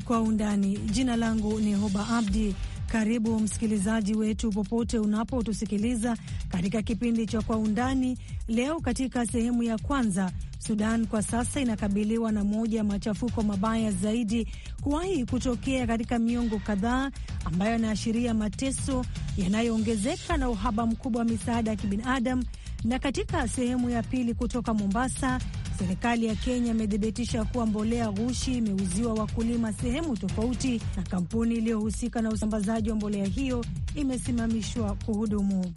Kwa Undani. Jina langu ni Hoba Abdi. Karibu msikilizaji wetu popote unapotusikiliza katika kipindi cha Kwa Undani. Leo katika sehemu ya kwanza, Sudan kwa sasa inakabiliwa na moja ya machafuko mabaya zaidi kuwahi kutokea katika miongo kadhaa, ambayo yanaashiria mateso yanayoongezeka na uhaba mkubwa wa misaada ya kibinadamu. Na katika sehemu ya pili kutoka Mombasa Serikali ya Kenya imethibitisha kuwa mbolea ghushi imeuziwa wakulima sehemu tofauti, na kampuni iliyohusika na usambazaji wa mbolea hiyo imesimamishwa kuhudumu.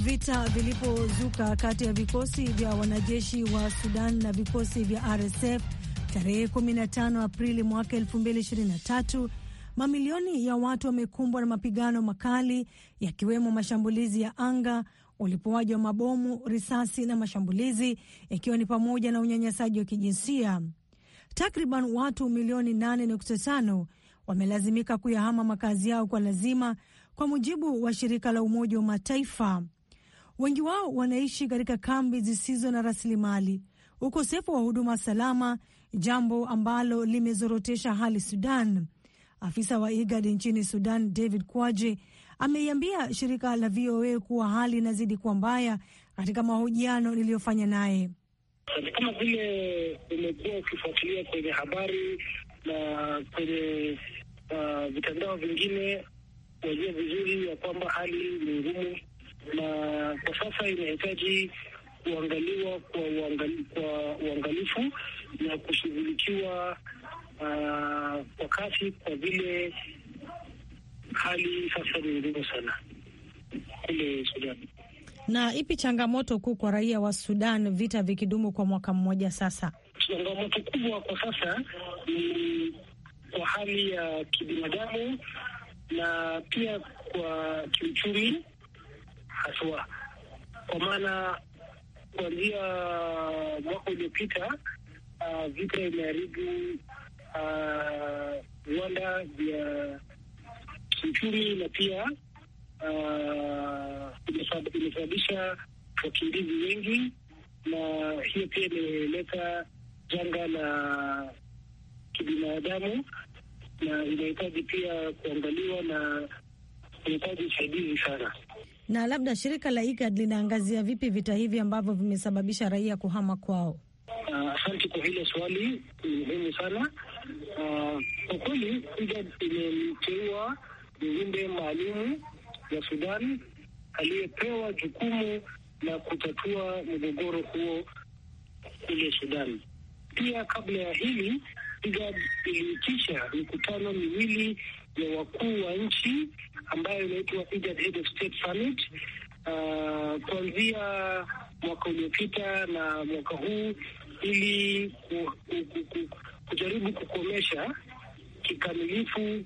vita vilipozuka kati ya vikosi vya wanajeshi wa Sudan na vikosi vya RSF Tarehe 15 Aprili mwaka 2023, mamilioni ya watu wamekumbwa na mapigano makali yakiwemo mashambulizi ya anga, ulipuaji wa mabomu, risasi na mashambulizi ikiwa ni pamoja na unyanyasaji wa kijinsia. Takriban watu milioni 8.5 wamelazimika kuyahama makazi yao kwa lazima, kwa mujibu wa shirika la Umoja wa Mataifa. Wengi wao wanaishi katika kambi zisizo na rasilimali, ukosefu wa huduma salama jambo ambalo limezorotesha hali Sudan. Afisa wa IGAD nchini Sudan, David Kwaje, ameiambia shirika la VOA kuwa hali inazidi kuwa mbaya katika mahojiano niliyofanya naye. Kama vile umekuwa ukifuatilia kwenye habari na kwenye vitandao uh, vingine, wajua vizuri ya kwamba hali ni ngumu, na kwa sasa inahitaji kuangaliwa kwa uangalifu na kushughulikiwa uh, kwa kasi, kwa vile hali sasa ni ngumu sana kule sudan Na ipi changamoto kuu kwa raia wa Sudan, vita vikidumu kwa mwaka mmoja sasa? Changamoto kubwa kwa sasa ni kwa hali ya kibinadamu na pia kwa kiuchumi haswa, kwa maana kuanzia mwaka uliopita uh, vita imeharibu uh, viwanda vya kiuchumi na pia uh, imesababisha wakimbizi wengi, na hiyo pia imeleta janga la kibinadamu na inahitaji pia kuangaliwa na inahitaji usaidizi sana. Na labda shirika la IGAD linaangazia vipi vita hivi ambavyo vimesababisha raia kuhama kwao? Uh, asante kwa hilo swali, ni muhimu sana uh, kwa kweli. IGAD imemteua mjumbe maalumu ya Sudan aliyepewa jukumu la kutatua mgogoro huo kule Sudan. Pia kabla ya hili, IGAD iliitisha mikutano miwili ya wakuu wa nchi ambayo inaitwa IGAD Head of State Summit uh, kuanzia mwaka uliopita na mwaka huu ili ku, ku, ku, ku, kujaribu kukomesha kikamilifu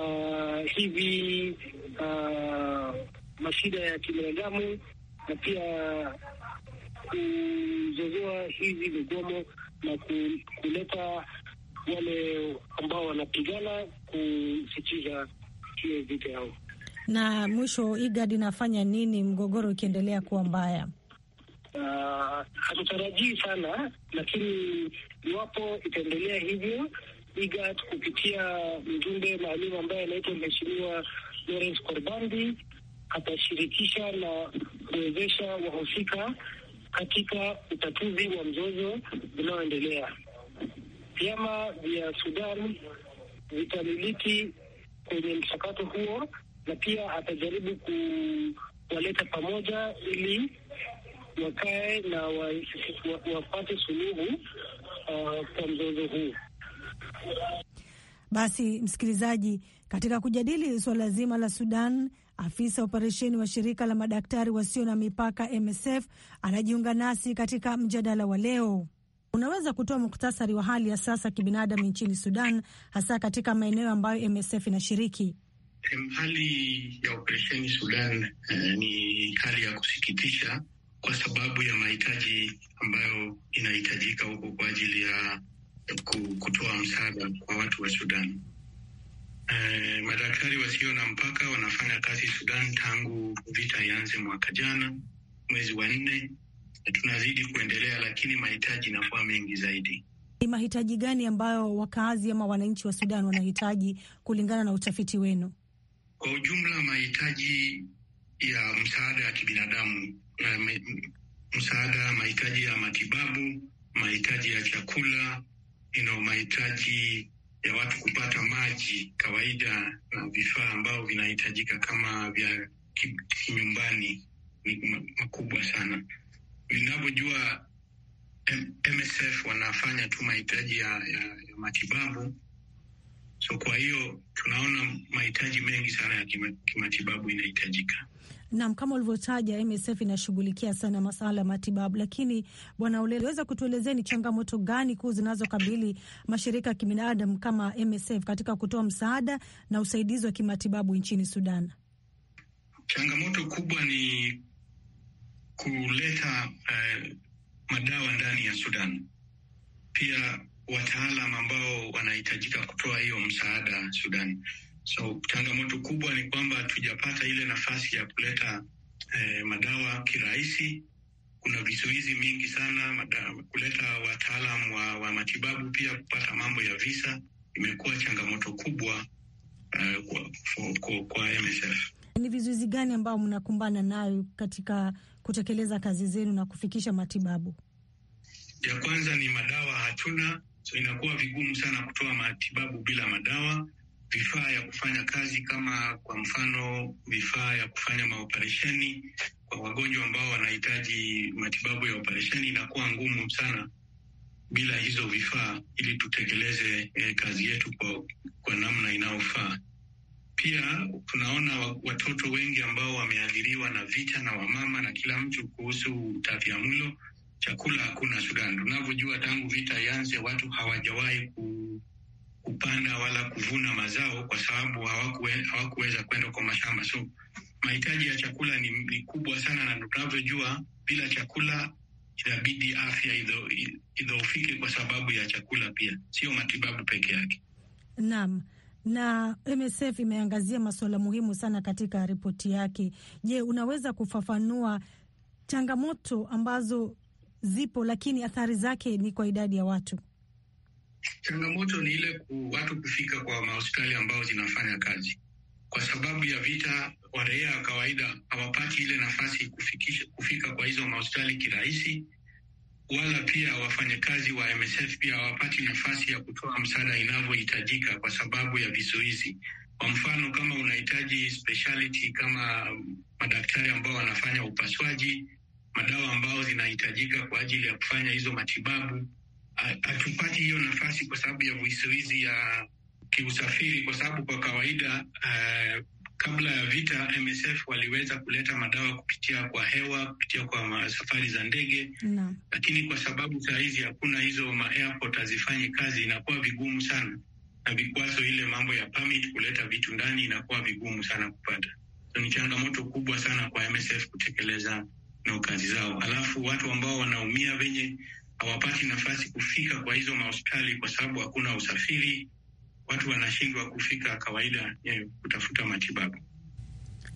uh, hivi uh, mashida ya kibinadamu na pia kuzozoa hizi migomo na kuleta wale ambao wanapigana kusitiza hiyo vita yao. Na mwisho, IGAD inafanya nini mgogoro ukiendelea kuwa mbaya? Ah, hatutarajii sana, lakini iwapo itaendelea hivyo IGAD kupitia mjumbe maalum ambaye anaitwa Mheshimiwa Lawrence Korbandi atashirikisha na kuwezesha wahusika katika utatuzi wa mzozo unaoendelea. Vyama vya Sudan vitamiliki kwenye mchakato huo, na pia atajaribu kuwaleta pamoja ili wakae na wapate wa, wa suluhu uh, kwa mzozo huu. Basi msikilizaji, katika kujadili suala zima la Sudan, afisa operesheni wa shirika la madaktari wasio na mipaka MSF anajiunga nasi katika mjadala wa leo. Unaweza kutoa muktasari wa hali ya sasa kibinadamu nchini Sudan, hasa katika maeneo ambayo MSF inashiriki? Hali ya operesheni Sudan eh, ni hali ya kusikitisha kwa sababu ya mahitaji ambayo inahitajika huko kwa ajili ya kutoa msaada kwa watu wa Sudan. Eh, madaktari wasio na mpaka wanafanya kazi Sudan tangu vita ianze mwaka jana mwezi wa nne, na tunazidi kuendelea, lakini mahitaji inakuwa mengi zaidi. Ni mahitaji gani ambayo wakaazi ama wananchi wa Sudan wanahitaji kulingana na utafiti wenu? Kwa ujumla mahitaji ya msaada ya kibinadamu Eh, msaada, mahitaji ya matibabu, mahitaji ya chakula ino, mahitaji ya watu kupata maji kawaida na vifaa ambao vinahitajika kama vya kinyumbani ni makubwa sana. Vinavyojua MSF wanafanya tu mahitaji ya, ya, ya matibabu. So kwa hiyo tunaona mahitaji mengi sana ya kimatibabu inahitajika. Naam, kama ulivyotaja MSF inashughulikia sana masala ya matibabu, lakini bwana Ulele, weza kutuelezea ni changamoto gani kuu zinazokabili mashirika ya kibinadamu kama MSF katika kutoa msaada na usaidizi wa kimatibabu nchini Sudan? Changamoto kubwa ni kuleta uh, madawa ndani ya Sudan, pia wataalam ambao wanahitajika kutoa hiyo msaada Sudan So changamoto kubwa ni kwamba hatujapata ile nafasi ya kuleta eh, madawa kirahisi. Kuna vizuizi mingi sana madawa, kuleta wataalam wa, wa matibabu pia kupata mambo ya visa imekuwa changamoto kubwa eh, kwa, kwa, kwa, kwa MSF. Ni vizuizi gani ambayo mnakumbana nayo katika kutekeleza kazi zenu na kufikisha matibabu? Ya kwanza ni madawa hatuna, so inakuwa vigumu sana kutoa matibabu bila madawa vifaa ya kufanya kazi kama kwa mfano vifaa ya kufanya maoperesheni kwa wagonjwa ambao wanahitaji matibabu ya operesheni, inakuwa ngumu sana bila hizo vifaa, ili tutekeleze eh, kazi yetu kwa, kwa namna inayofaa. Pia tunaona watoto wengi ambao wameathiriwa na vita na wamama na kila mtu kuhusu mlo, Chakula hakuna Sudan, tunavyojua tangu vita ianze watu hawajawahi ku kupanda wala kuvuna mazao kwa sababu hawakuweza kwenda kwa mashamba. So mahitaji ya chakula ni, ni kubwa sana, na tunavyojua bila chakula inabidi afya idhoofike kwa sababu ya chakula pia, sio matibabu peke yake. Naam na MSF imeangazia masuala muhimu sana katika ripoti yake. Je, unaweza kufafanua changamoto ambazo zipo, lakini athari zake ni kwa idadi ya watu? Changamoto ni ile ku watu kufika kwa mahospitali ambao zinafanya kazi, kwa sababu ya vita, waraia wa kawaida hawapati ile nafasi kufikisha, kufika kwa hizo mahospitali kirahisi, wala pia wafanyakazi wa MSF pia hawapati nafasi ya kutoa msaada inavyohitajika kwa sababu ya vizuizi. Kwa mfano, kama unahitaji speciality kama madaktari ambao wanafanya upasuaji, madawa ambao zinahitajika kwa ajili ya kufanya hizo matibabu Ah, hatupati hiyo nafasi kwa sababu ya vizuizi ya kiusafiri, kwa sababu kwa kawaida uh, kabla ya vita MSF waliweza kuleta madawa kupitia kwa hewa, kupitia kwa safari za ndege no. Lakini kwa sababu saa hizi hakuna hizo ma airport hazifanyi kazi, inakuwa vigumu sana, na vikwazo ile mambo ya permit kuleta vitu ndani inakuwa vigumu sana kupata. So ni changamoto kubwa sana kwa MSF kutekeleza na kazi zao, alafu watu ambao wanaumia venye hawapati nafasi kufika kwa hizo mahospitali kwa sababu hakuna usafiri. Watu wanashindwa kufika kawaida eh, kutafuta matibabu.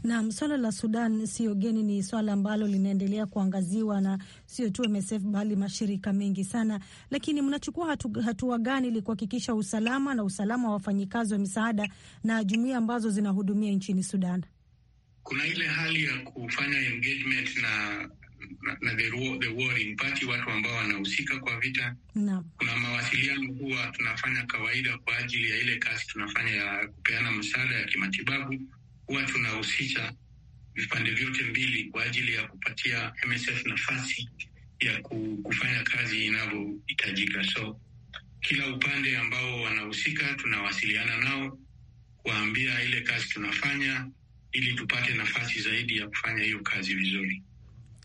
Naam, swala la Sudan sio geni, ni swala ambalo linaendelea kuangaziwa na sio tu MSF bali mashirika mengi sana. Lakini mnachukua hatua hatu gani ili kuhakikisha usalama na usalama wa wafanyikazi wa misaada na jumuia ambazo zinahudumia nchini Sudan? Kuna ile hali ya kufanya engagement na na, the, the party, watu ambao wanahusika kwa vita no. Kuna mawasiliano huwa tunafanya kawaida kwa ajili ya ile kazi tunafanya ya kupeana msaada ya kimatibabu, huwa tunahusisha vipande vyote mbili kwa ajili ya kupatia MSF nafasi ya kufanya kazi inavyohitajika. So kila upande ambao wanahusika tunawasiliana nao kuwaambia ile kazi tunafanya ili tupate nafasi zaidi ya kufanya hiyo kazi vizuri.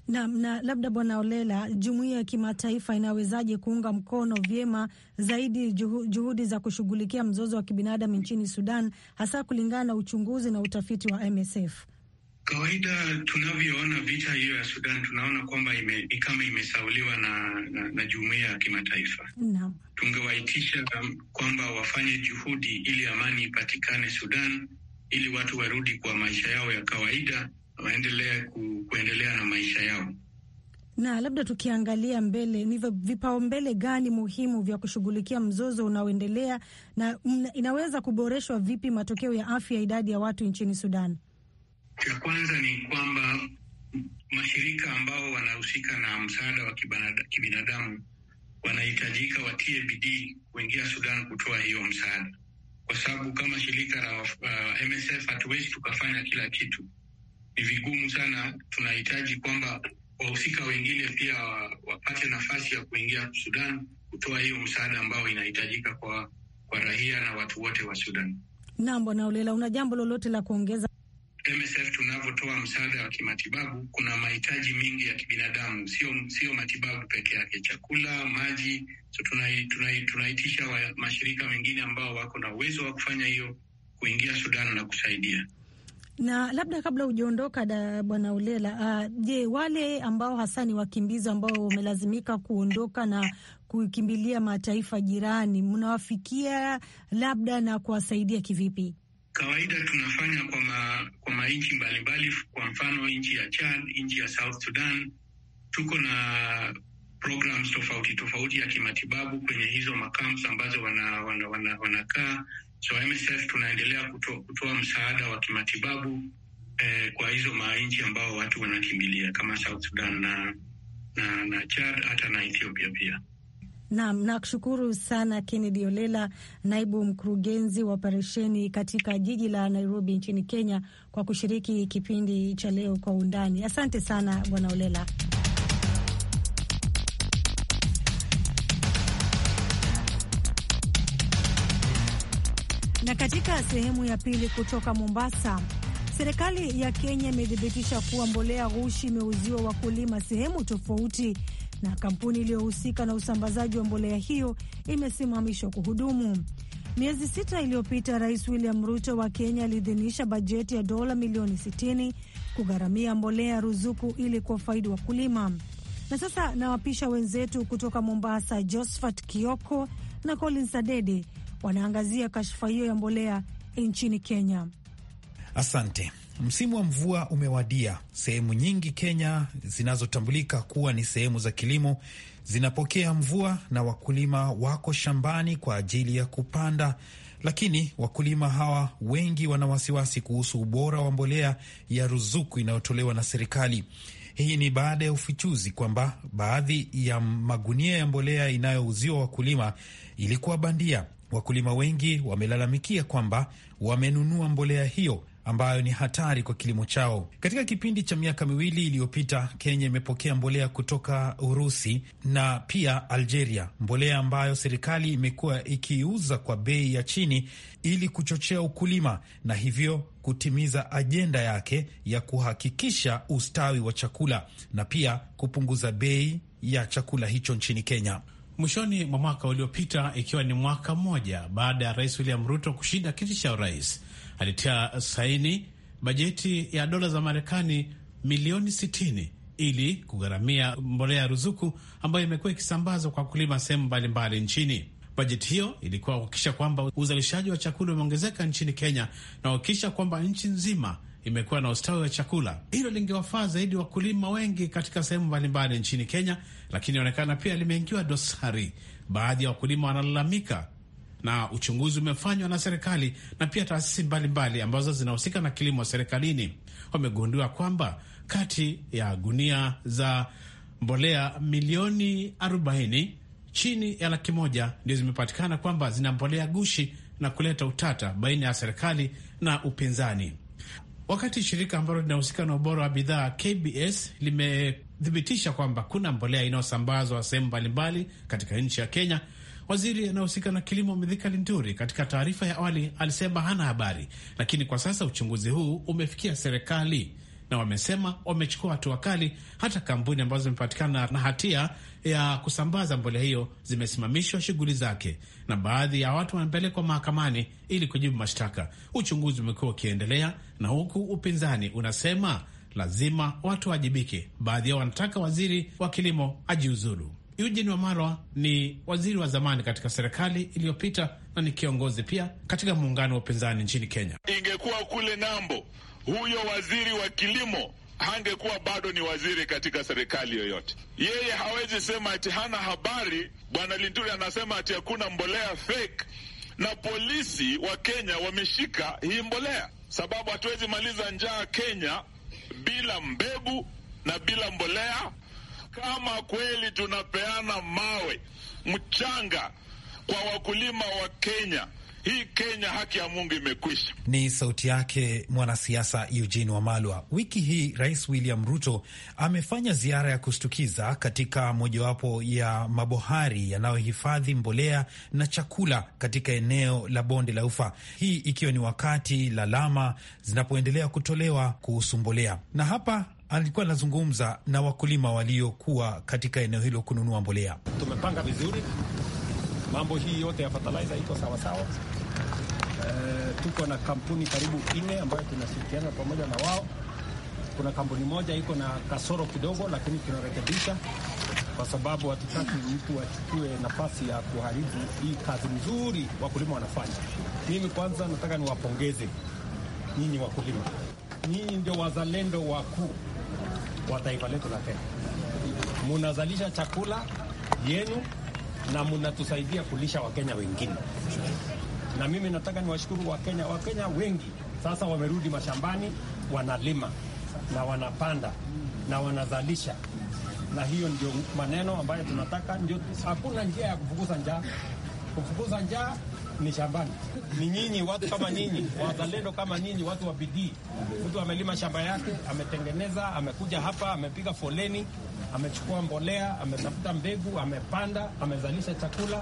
Na, na labda Bwana Olela, jumuiya ya kimataifa inawezaje kuunga mkono vyema zaidi juhu, juhudi za kushughulikia mzozo wa kibinadamu nchini Sudan hasa kulingana na uchunguzi na utafiti wa MSF? Kawaida tunavyoona vita hiyo ya Sudan tunaona kwamba ime, kama imesauliwa na, na, na jumuiya ya kimataifa no. Tungewaitisha kwamba wafanye juhudi ili amani ipatikane Sudan, ili watu warudi kwa maisha yao ya kawaida, waendelee ku, kuendelea na maisha na labda tukiangalia mbele, ni vipaumbele gani muhimu vya kushughulikia mzozo unaoendelea na inaweza kuboreshwa vipi matokeo ya afya ya idadi ya watu nchini Sudan? Cha kwanza ni kwamba mashirika ambao wanahusika na msaada wa kibinadamu wanahitajika watie bidii kuingia Sudan kutoa hiyo msaada, kwa sababu kama shirika la uh, MSF hatuwezi tukafanya kila kitu, ni vigumu sana. Tunahitaji kwamba wahusika wengine pia wapate nafasi ya kuingia Sudan kutoa hiyo msaada ambao inahitajika kwa, kwa raia na watu wote wa Sudan. Naam, Bwana Ulela, una jambo lolote la kuongeza? MSF tunavyotoa msaada wa kimatibabu, kuna mahitaji mengi ya kibinadamu, sio sio matibabu peke yake, chakula, maji. So tunaitisha mashirika mengine ambao wako na uwezo wa kufanya hiyo kuingia Sudan na kusaidia. Na labda kabla hujaondoka bwana Ulela, uh, je, wale ambao hasa ni wakimbizi ambao wamelazimika kuondoka na kukimbilia mataifa jirani, mnawafikia labda na kuwasaidia kivipi? Kawaida tunafanya kwa, ma, kwa manchi mbalimbali, kwa mfano nchi ya Chad, nchi ya South Sudan. Tuko na programs tofauti tofauti ya kimatibabu kwenye hizo makamps ambazo wanakaa wana, wana, wana So MSF tunaendelea kutoa, kutoa msaada wa kimatibabu eh, kwa hizo manchi ambao watu wanakimbilia kama South Sudan na, na, na Chad hata na Ethiopia pia. Naam, nakushukuru sana Kennedy Olela, naibu mkurugenzi wa operesheni katika jiji la Nairobi nchini Kenya, kwa kushiriki kipindi cha leo kwa undani. Asante sana Bwana Olela. Na katika sehemu ya pili kutoka Mombasa, serikali ya Kenya imethibitisha kuwa mbolea ghushi imeuziwa wakulima sehemu tofauti, na kampuni iliyohusika na usambazaji wa mbolea hiyo imesimamishwa kuhudumu. Miezi sita iliyopita, Rais William Ruto wa Kenya aliidhinisha bajeti ya dola milioni 60 kugharamia mbolea ruzuku ili kuwafaidi wakulima. Na sasa nawapisha wenzetu kutoka Mombasa, Josphat Kioko na colin Adede wanaangazia kashfa hiyo ya mbolea nchini Kenya. Asante. Msimu wa mvua umewadia. Sehemu nyingi Kenya zinazotambulika kuwa ni sehemu za kilimo zinapokea mvua na wakulima wako shambani kwa ajili ya kupanda, lakini wakulima hawa wengi wana wasiwasi kuhusu ubora wa mbolea ya ruzuku inayotolewa na serikali. Hii ni baada ya ufichuzi kwamba baadhi ya magunia ya mbolea inayouziwa wakulima ilikuwa bandia. Wakulima wengi wamelalamikia kwamba wamenunua mbolea hiyo ambayo ni hatari kwa kilimo chao. Katika kipindi cha miaka miwili iliyopita, Kenya imepokea mbolea kutoka Urusi na pia Algeria, mbolea ambayo serikali imekuwa ikiuza kwa bei ya chini ili kuchochea ukulima na hivyo kutimiza ajenda yake ya kuhakikisha ustawi wa chakula na pia kupunguza bei ya chakula hicho nchini Kenya mwishoni mwa mwaka uliopita, ikiwa ni mwaka mmoja baada ya Rais William Ruto kushinda kiti cha urais. Alitia saini bajeti ya dola za Marekani milioni 60 ili kugharamia mbolea ya ruzuku ambayo imekuwa ikisambazwa kwa kulima sehemu mbalimbali nchini. Bajeti hiyo ilikuwa kuhakikisha kwamba uzalishaji wa chakula umeongezeka nchini Kenya na kuhakikisha kwamba nchi nzima imekuwa na ustawi wa chakula. Hilo lingewafaa zaidi wakulima wengi katika sehemu mbalimbali nchini Kenya, lakini inaonekana pia limeingiwa dosari. Baadhi ya wakulima wanalalamika, na uchunguzi umefanywa na serikali na pia taasisi mbalimbali ambazo zinahusika na kilimo serikalini, wamegundua kwamba kati ya gunia za mbolea milioni 40 chini ya laki moja ndio zimepatikana kwamba zina mbolea gushi na kuleta utata baina ya serikali na upinzani wakati shirika ambalo linahusika na ubora wa bidhaa KBS limethibitisha kwamba kuna mbolea inayosambazwa sehemu mbalimbali katika nchi ya Kenya. Waziri anayehusika na kilimo Mithika Linturi katika taarifa ya awali alisema hana habari, lakini kwa sasa uchunguzi huu umefikia serikali na wamesema wamechukua hatua kali. Hata kampuni ambazo zimepatikana na hatia ya kusambaza mbolea hiyo zimesimamishwa shughuli zake, na baadhi ya watu wamepelekwa mahakamani ili kujibu mashtaka. Uchunguzi umekuwa ukiendelea, na huku upinzani unasema lazima watu wajibike. Baadhi yao wanataka waziri wa kilimo ajiuzulu. Eugene Wamalwa ni waziri wa zamani katika serikali iliyopita na ni kiongozi pia katika muungano wa upinzani nchini Kenya. Ingekuwa kule nambo huyo waziri wa kilimo hangekuwa bado ni waziri katika serikali yoyote. Yeye hawezi sema ati hana habari. Bwana Linturi anasema ati hakuna mbolea fake, na polisi wa Kenya wameshika hii mbolea, sababu hatuwezi maliza njaa Kenya bila mbegu na bila mbolea. Kama kweli tunapeana mawe, mchanga kwa wakulima wa Kenya hii Kenya haki ya Mungu imekwisha. Ni sauti yake mwanasiasa Eugene Wamalwa. Wiki hii Rais William Ruto amefanya ziara ya kushtukiza katika mojawapo ya mabohari yanayohifadhi mbolea na chakula katika eneo la bonde la Ufa, hii ikiwa ni wakati lalama zinapoendelea kutolewa kuhusu mbolea, na hapa alikuwa anazungumza na wakulima waliokuwa katika eneo hilo kununua mbolea. Tumepanga vizuri mambo hii yote ya fertilizer iko sawasawa Eh, tuko na kampuni karibu nne ambayo tunashirikiana pamoja na wao. Kuna kampuni moja iko na kasoro kidogo, lakini tunarekebisha kwa sababu hatutaki mtu achukue nafasi ya kuharibu hii kazi nzuri wakulima wanafanya. Mimi kwanza nataka niwapongeze nyinyi wakulima, nyinyi ndio wazalendo wakuu wa taifa letu la Kenya. Munazalisha chakula yenu na munatusaidia kulisha Wakenya wengine na mimi nataka niwashukuru Wakenya. Wakenya wengi sasa wamerudi mashambani, wanalima na wanapanda na wanazalisha, na hiyo ndio maneno ambayo tunataka. Ndio, hakuna njia ya kufukuza njaa. Kufukuza njaa ni shambani, ni nyinyi watu kama nyinyi, wazalendo kama nyinyi, watu wa bidii. Mtu amelima shamba yake, ametengeneza, amekuja hapa, amepiga foleni, amechukua mbolea, ametafuta mbegu, amepanda, amezalisha chakula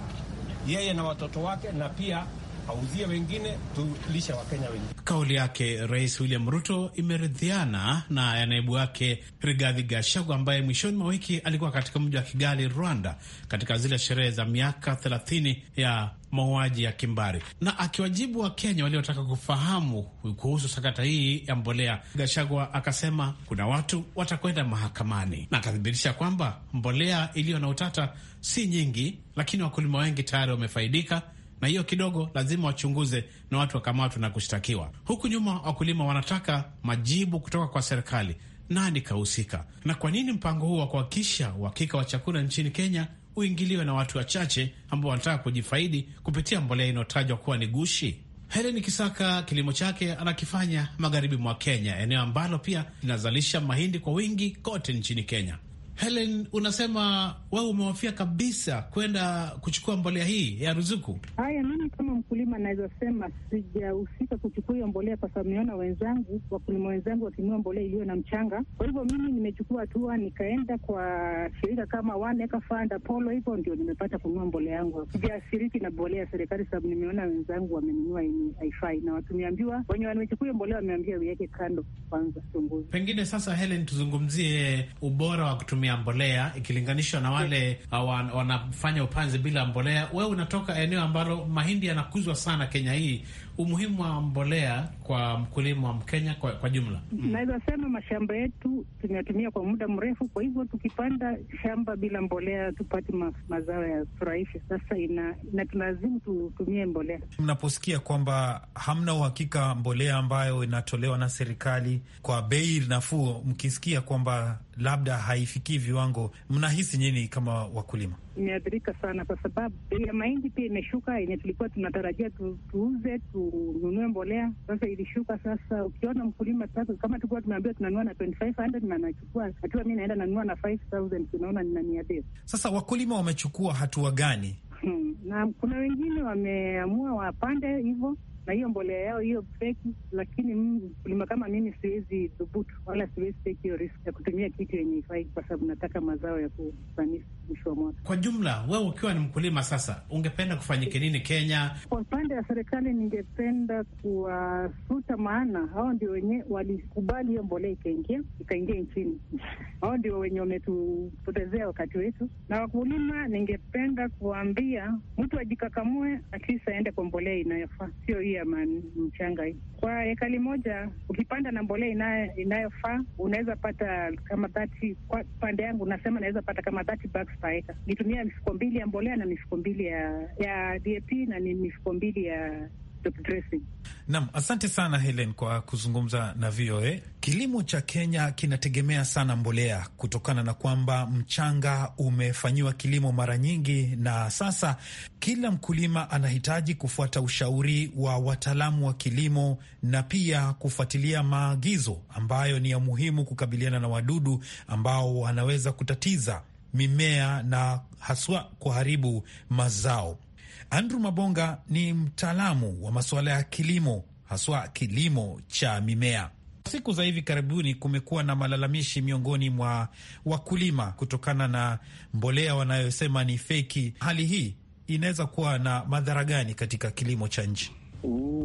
yeye na watoto wake na pia auzie wengine, tulisha wakenya wengine. Kauli yake Rais William Ruto imeridhiana na ya naibu wake Rigathi Gachagua ambaye mwishoni mwa wiki alikuwa katika mji wa Kigali, Rwanda, katika zile sherehe za miaka thelathini ya mauaji ya kimbari na akiwajibu Wakenya waliotaka kufahamu kuhusu sakata hii ya mbolea, Gashagwa akasema kuna watu watakwenda mahakamani, na akathibitisha kwamba mbolea iliyo na utata si nyingi, lakini wakulima wengi tayari wamefaidika na hiyo kidogo lazima wachunguze na watu wakamatwe na kushtakiwa. Huku nyuma wakulima wanataka majibu kutoka kwa serikali, nani kahusika na kwa nini mpango huu wa kuhakikisha uhakika wa chakula nchini Kenya uingiliwe na watu wachache ambao wanataka kujifaidi kupitia mbolea inayotajwa kuwa ni gushi. Helen Kisaka kilimo chake anakifanya magharibi mwa Kenya, eneo ambalo pia linazalisha mahindi kwa wingi kote nchini Kenya. Helen, unasema wewe umewafia kabisa kwenda kuchukua mbolea hii ya ruzuku. Haya, maana kama mkulima anaweza sema sijahusika kuchukua hiyo mbolea, kwa sababu nimeona wenzangu, wakulima wenzangu wakinunua mbolea iliyo na mchanga. Kwa hivyo mimi nimechukua hatua, nikaenda kwa shirika kama One Acre Fund, Apollo, hivyo ndio nimepata kununua mbolea yangu. Sijaashiriki na mbolea ya serikali, sababu nimeona wenzangu wamenunua yenye haifai, na niambiwa wenye wamechukua hiyo mbolea wameambia weke kando kwanza, chunguzi. Pengine sasa, Helen, tuzungumzie ubora wa kutumia kutumia mbolea ikilinganishwa na wale uh, wan, wanafanya upanzi bila mbolea. Wewe unatoka eneo ambalo mahindi yanakuzwa sana Kenya hii, umuhimu wa mbolea kwa mkulima wa Mkenya kwa, kwa jumla? Mm. Naweza sema mashamba yetu tumeyatumia kwa muda mrefu, kwa hivyo tukipanda shamba bila mbolea tupate ma, mazao ya furahisha. Sasa ina, ina tulazimu tutumie mbolea. Mnaposikia kwamba hamna uhakika mbolea ambayo inatolewa na serikali kwa bei nafuu, mkisikia kwamba labda haifikii viwango, mnahisi nyini kama wakulima? Imeathirika sana kwa sababu bei ya mahindi pia imeshuka, yenye tulikuwa tunatarajia tu, tuuze tununue mbolea, sasa ilishuka. Sasa ukiona mkulima sasa, kama tulikuwa tunaambiwa tunanua na 2500 na nachukua hatua, mi naenda nanunua na 5000 tunaona ninaniathiri. Sasa wakulima wamechukua hatua gani? Hmm, na kuna wengine wameamua wapande hivyo na hiyo mbolea yao hiyo feki, lakini mkulima kama mimi siwezi dhubutu wala siwezi take hiyo risk ya kutumia kitu yenye ifai, kwa sababu nataka mazao ya kufanisi mwisho wa mwaka. Kwa jumla, wewe ukiwa ni mkulima sasa, ungependa kufanyike nini Kenya? Kwa upande wa serikali, ningependa kuwafuta, maana hao ndio wenye walikubali hiyo mbolea ikaingia ikaingia nchini. Hao ndio wenye wametupotezea wakati wetu. Na wakulima, ningependa kuwaambia mtu ajikakamue, at least aende kwa mbolea inayofaa, sio hii ya mchanga hii. Kwa ekali moja ukipanda na mbolea inayofaa unaweza pata kama dhati Kwa pande yangu nasema naweza pata kama dhati bags per acre. Nitumia mifuko mbili ya mbolea na mifuko mbili ya, ya DAP na ni mifuko mbili ya nam Naam, asante sana Helen kwa kuzungumza na VOA. Kilimo cha Kenya kinategemea sana mbolea kutokana na kwamba mchanga umefanyiwa kilimo mara nyingi, na sasa kila mkulima anahitaji kufuata ushauri wa wataalamu wa kilimo na pia kufuatilia maagizo ambayo ni ya muhimu kukabiliana na wadudu ambao wanaweza kutatiza mimea na haswa kuharibu mazao. Andrew Mabonga ni mtaalamu wa masuala ya kilimo, haswa kilimo cha mimea. Siku za hivi karibuni kumekuwa na malalamishi miongoni mwa wakulima kutokana na mbolea wanayosema ni feki. Hali hii inaweza kuwa na madhara gani katika kilimo cha nchi?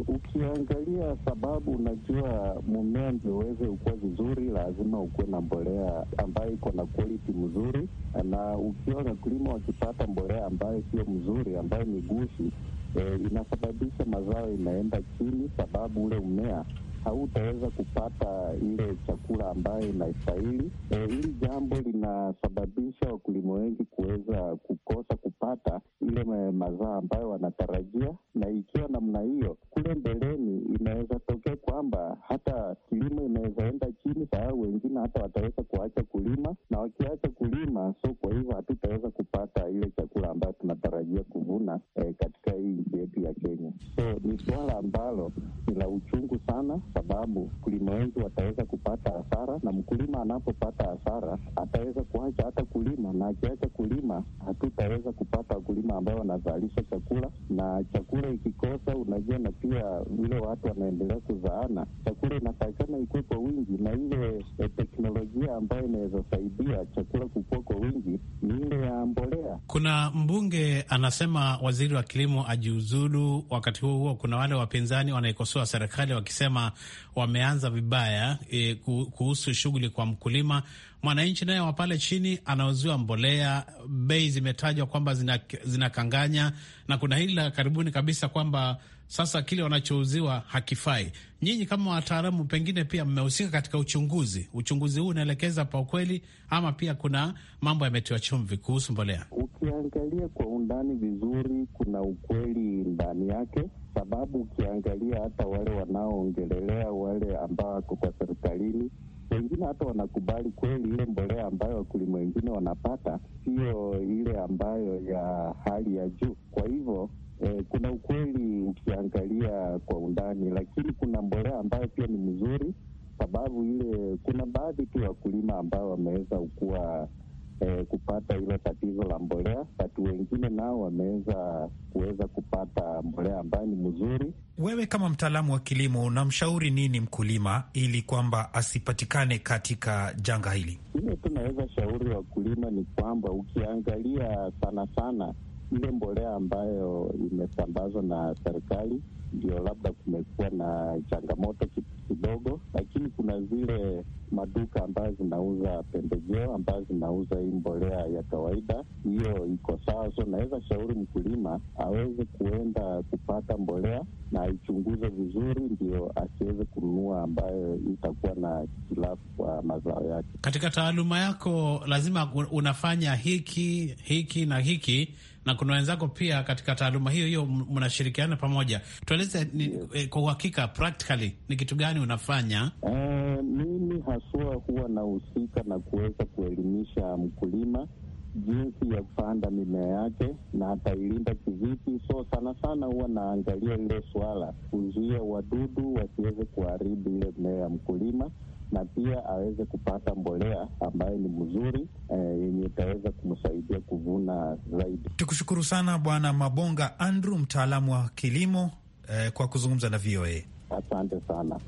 Ukiangalia sababu, unajua mumea ndio uweze ukuwa vizuri, lazima ukuwe na mbolea ambayo iko na quality mzuri, na ukiwa wakulima wakipata mbolea ambayo sio mzuri, ambayo ni gushi, e, inasababisha mazao inaenda chini, sababu ule mmea hautaweza kupata ile chakula ambayo inastahili. Hili e, jambo linasababisha wakulima wengi kuweza kukosa kupata ile mazao ambayo wanatarajia, na ikiwa namna hiyo, kule mbeleni inaweza tokea kwamba hata kilimo inawezaenda watasahau, wengine hata wataweza kuacha kulima, na wakiacha kulima, so kwa hivyo hatutaweza kupata ile chakula ambayo tunatarajia kuvuna eh, katika hii nchi yetu ya Kenya. So ni suala ambalo ni la uchungu sana, sababu mkulima wengi wataweza kupata hasara, na mkulima anapopata hasara ataweza kuacha hata kulima, na akiacha kulima hatutaweza kupata wakulima ambao wanazalisha chakula, na chakula ikikosa, unajua na pia vile watu wanaendelea kuzaana, chakula inatakikana ikuwe kwa wingi na ile ile e, eh, teknolojia ambayo inaweza saidia chakula kukua kwa wingi ni ile ya mbolea. Kuna mbunge anasema waziri wa kilimo ajiuzulu. Wakati huo huo, kuna wale wapinzani wanaikosoa serikali wakisema wameanza vibaya e, kuhusu shughuli kwa mkulima. Mwananchi naye wa pale chini anauziwa mbolea, bei zimetajwa kwamba zinakanganya, zina na kuna hili la karibuni kabisa kwamba sasa kile wanachouziwa hakifai. Nyinyi kama wataalamu, pengine pia mmehusika katika uchunguzi. Uchunguzi huu unaelekeza pa ukweli ama pia kuna mambo yametiwa chumvi kuhusu mbolea? Ukiangalia kwa undani vizuri, kuna ukweli ndani yake, sababu ukiangalia hata wale wanaoongelelea wale ambao wako kwa serikalini wengine hata wanakubali kweli ile mbolea ambayo wakulima wengine wanapata siyo ile ambayo ya hali ya juu. Kwa hivyo eh, kuna ukweli ukiangalia kwa undani, lakini kuna mbolea ambayo pia ni mzuri, sababu ile kuna baadhi tu wakulima ambao wameweza kuwa eh, kupata ile tatizo la mbolea, watu wengine nao wameweza kuweza kupata mbolea ambayo ni mzuri. Wewe kama mtaalamu wa kilimo unamshauri nini mkulima ili kwamba asipatikane katika janga hili? Ile tunaweza shauri wakulima ni kwamba ukiangalia sana sana ile mbolea ambayo imesambazwa na serikali, ndio labda kumekuwa na changamoto kidogo, lakini kuna zile maduka ambayo zinauza pembejeo ambayo zinauza hii mbolea ya kawaida, hiyo iko sawa. So naweza shauri mkulima aweze kuenda kupata mbolea na aichunguze vizuri, ndio asiweze kununua ambayo itakuwa na hitilafu kwa mazao yake. Katika taaluma yako lazima unafanya hiki hiki na hiki na kuna wenzako pia katika taaluma hiyo hiyo, mnashirikiana pamoja. Tueleze yes. Eh, kwa uhakika practically ni kitu gani unafanya? Eh, mimi haswa huwa nahusika na kuweza kuelimisha mkulima jinsi ya kupanda mimea yake na atailinda kivipi. So sana sana huwa naangalia ile swala kuzuia wadudu wasiweze kuharibu ile mimea ya mkulima na pia aweze kupata mbolea ambayo ni mzuri eh, yenye eh, itaweza kumsaidia kuvuna zaidi. Tukushukuru sana Bwana Mabonga Andrew, mtaalamu wa kilimo eh, kwa kuzungumza na VOA. Asante sana.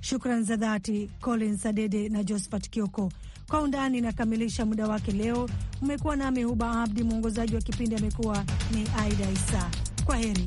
Shukran za dhati Collins Adede na Josphat Kioko. Kwa Undani inakamilisha muda wake leo. Mmekuwa nami Huba Abdi, mwongozaji wa kipindi amekuwa ni Aida Isa. Kwa heri.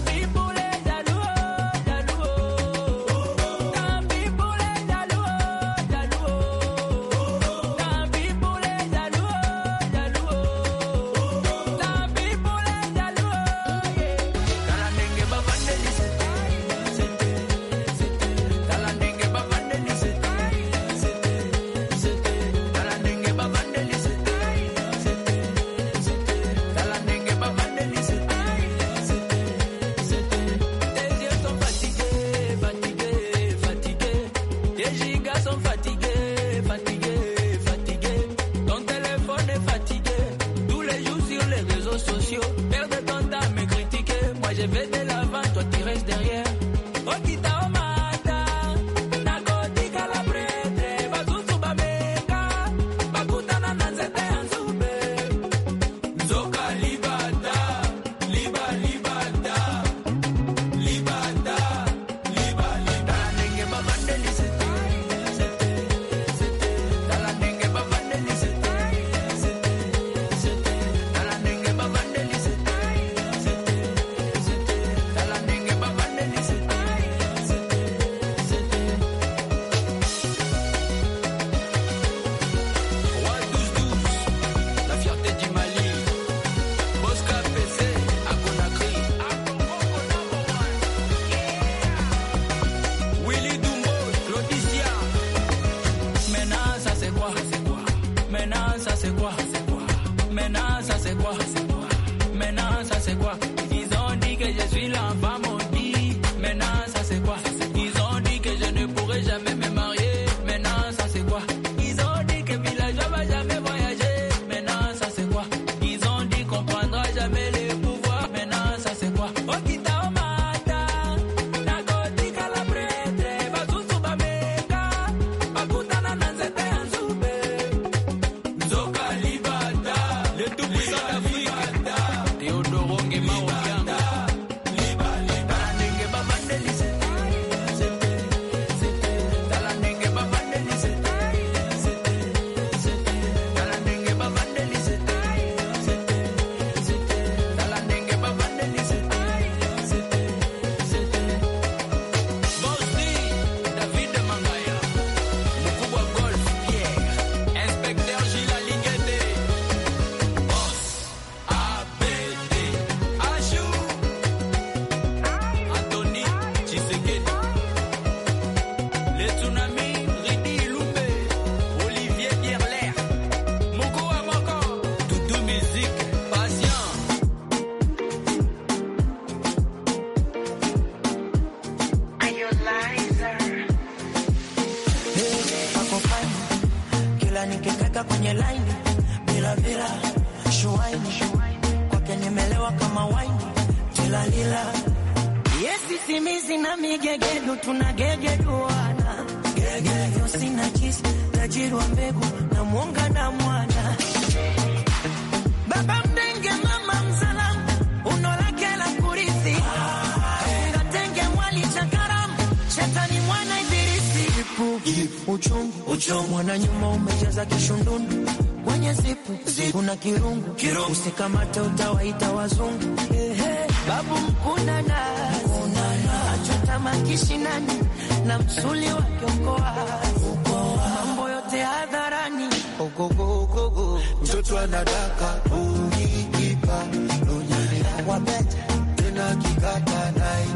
na kirungu, kirungu. Usikamata utawaita wazungu ehe. Babu mkuna nazi makishi nani na msuli wake ukoa mambo yote hadharani ogogogogo mtoto anadaka ukikipa unyanya wabeta tena kikata naye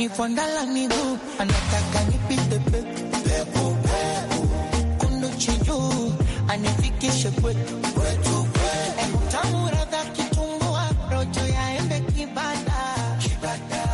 nipo ndala miguu, anataka nipite peku kunduchi juu anifikishe kwetu